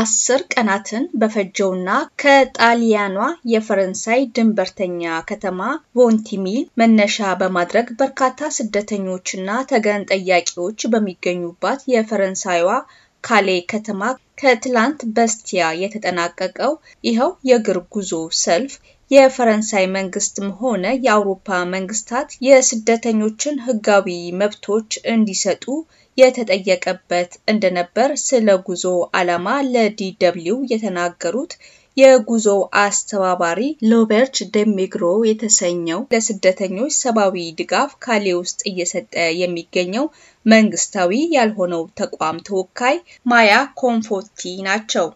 አስር ቀናትን በፈጀውና ከጣሊያኗ የፈረንሳይ ድንበርተኛ ከተማ ቮንቲሚል መነሻ በማድረግ በርካታ ስደተኞችና ተገን ጠያቂዎች በሚገኙባት የፈረንሳይዋ ካሌ ከተማ ከትላንት በስቲያ የተጠናቀቀው ይኸው የእግር ጉዞ ሰልፍ የፈረንሳይ መንግስትም ሆነ የአውሮፓ መንግስታት የስደተኞችን ህጋዊ መብቶች እንዲሰጡ የተጠየቀበት እንደነበር ስለ ጉዞ ዓላማ ለዲደብሊው የተናገሩት የጉዞ አስተባባሪ ሎበርች ደሚግሮ የተሰኘው ለስደተኞች ሰብአዊ ድጋፍ ካሌ ውስጥ እየሰጠ የሚገኘው መንግስታዊ ያልሆነው ተቋም ተወካይ ማያ ኮንፎቲ ናቸው።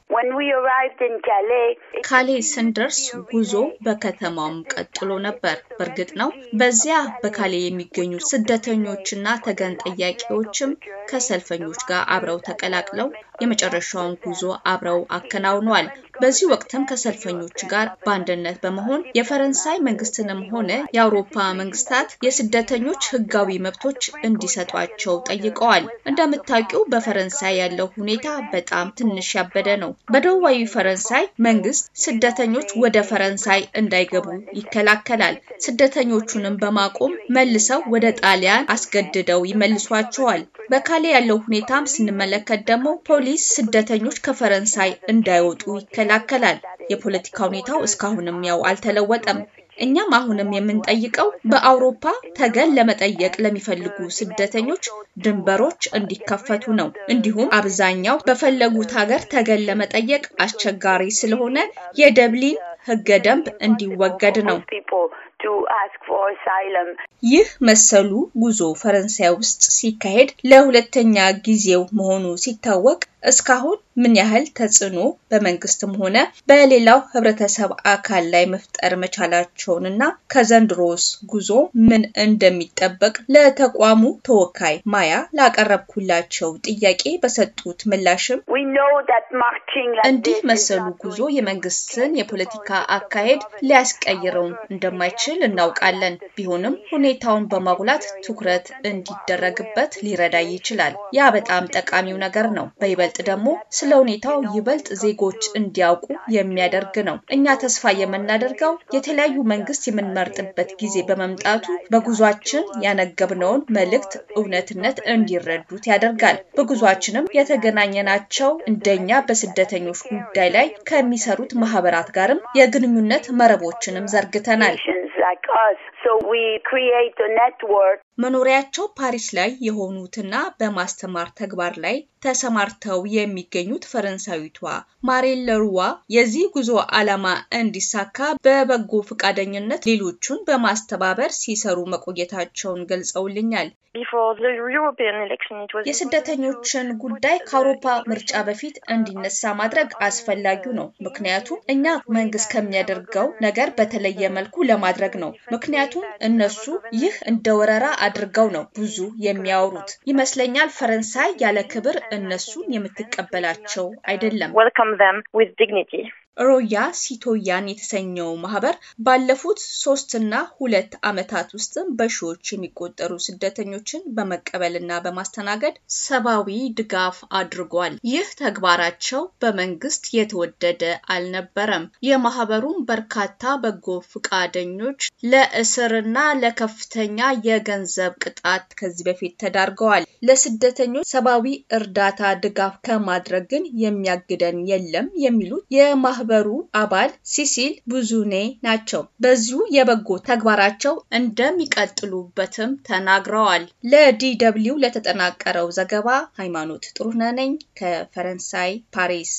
ካሌ ስንደርስ ጉዞ በከተማውም ቀጥሎ ነበር። በእርግጥ ነው በዚያ በካሌ የሚገኙ ስደተኞችና ተገን ጠያቂዎችም ከሰልፈኞች ጋር አብረው ተቀላቅለው የመጨረሻውን ጉዞ አብረው አከናውነዋል። በዚህ ወቅትም ከሰልፈኞች ጋር በአንድነት በመሆን የፈረንሳይ መንግስትንም ሆነ የአውሮፓ መንግስታት የስደተኞች ህጋዊ መብቶች እንዲሰጧቸው ጠይቀዋል። እንደምታውቂው በፈረንሳይ ያለው ሁኔታ በጣም ትንሽ ያበደ ነው። በደቡባዊ ፈረንሳይ መንግስት ስደተኞች ወደ ፈረንሳይ እንዳይገቡ ይከላከላል። ስደተኞቹንም በማቆም መልሰው ወደ ጣሊያን አስገድደው ይመልሷቸዋል። በካሌ ያለው ሁኔታም ስንመለከት ደግሞ ፖሊስ ስደተኞች ከፈረንሳይ እንዳይወጡ ይከላል ይከላከላል። የፖለቲካ ሁኔታው እስካሁንም ያው አልተለወጠም። እኛም አሁንም የምንጠይቀው በአውሮፓ ተገን ለመጠየቅ ለሚፈልጉ ስደተኞች ድንበሮች እንዲከፈቱ ነው። እንዲሁም አብዛኛው በፈለጉት ሀገር ተገን ለመጠየቅ አስቸጋሪ ስለሆነ የደብሊን ሕገ ደንብ እንዲወገድ ነው። ይህ መሰሉ ጉዞ ፈረንሳይ ውስጥ ሲካሄድ ለሁለተኛ ጊዜው መሆኑ ሲታወቅ እስካሁን ምን ያህል ተጽዕኖ በመንግስትም ሆነ በሌላው ህብረተሰብ አካል ላይ መፍጠር መቻላቸውንና ከዘንድሮስ ጉዞ ምን እንደሚጠበቅ ለተቋሙ ተወካይ ማያ ላቀረብኩላቸው ጥያቄ በሰጡት ምላሽም እንዲህ መሰሉ ጉዞ የመንግስትን የፖለቲካ አካሄድ ሊያስቀይረውን እንደማይችል እንደሚችል እናውቃለን። ቢሆንም ሁኔታውን በማጉላት ትኩረት እንዲደረግበት ሊረዳ ይችላል። ያ በጣም ጠቃሚው ነገር ነው። በይበልጥ ደግሞ ስለ ሁኔታው ይበልጥ ዜጎች እንዲያውቁ የሚያደርግ ነው። እኛ ተስፋ የምናደርገው የተለያዩ መንግስት የምንመርጥበት ጊዜ በመምጣቱ በጉዟችን ያነገብነውን መልእክት እውነትነት እንዲረዱት ያደርጋል። በጉዟችንም የተገናኘናቸው እንደኛ በስደተኞች ጉዳይ ላይ ከሚሰሩት ማህበራት ጋርም የግንኙነት መረቦችንም ዘርግተናል። like us. So we create a network. መኖሪያቸው ፓሪስ ላይ የሆኑትና በማስተማር ተግባር ላይ ተሰማርተው የሚገኙት ፈረንሳዊቷ ማሬን ለሩዋ የዚህ ጉዞ ዓላማ እንዲሳካ በበጎ ፈቃደኝነት ሌሎቹን በማስተባበር ሲሰሩ መቆየታቸውን ገልጸውልኛል። የስደተኞችን ጉዳይ ከአውሮፓ ምርጫ በፊት እንዲነሳ ማድረግ አስፈላጊው ነው። ምክንያቱም እኛ መንግስት ከሚያደርገው ነገር በተለየ መልኩ ለማድረግ ነው። ምክንያቱም እነሱ ይህ እንደ ወረራ አድርገው ነው ብዙ የሚያወሩት ይመስለኛል። ፈረንሳይ ያለ ክብር እነሱን የምትቀበላቸው አይደለም። ሮያ ሲቶያን የተሰኘው ማህበር ባለፉት ሶስትና ሁለት ዓመታት ውስጥም በሺዎች የሚቆጠሩ ስደተኞችን በመቀበልና በማስተናገድ ሰብአዊ ድጋፍ አድርጓል። ይህ ተግባራቸው በመንግስት የተወደደ አልነበረም። የማህበሩም በርካታ በጎ ፈቃደኞች ለእስርና ለከፍተኛ የገንዘብ ቅጣት ከዚህ በፊት ተዳርገዋል። ለስደተኞች ሰብአዊ እርዳታ ድጋፍ ከማድረግ ግን የሚያግደን የለም የሚሉት የማህበ ማህበሩ አባል ሲሲል ቡዙኔ ናቸው። በዚሁ የበጎ ተግባራቸው እንደሚቀጥሉበትም ተናግረዋል። ለዲደብሊው ለተጠናቀረው ዘገባ ሃይማኖት ጥሩነህ ነኝ ከፈረንሳይ ፓሪስ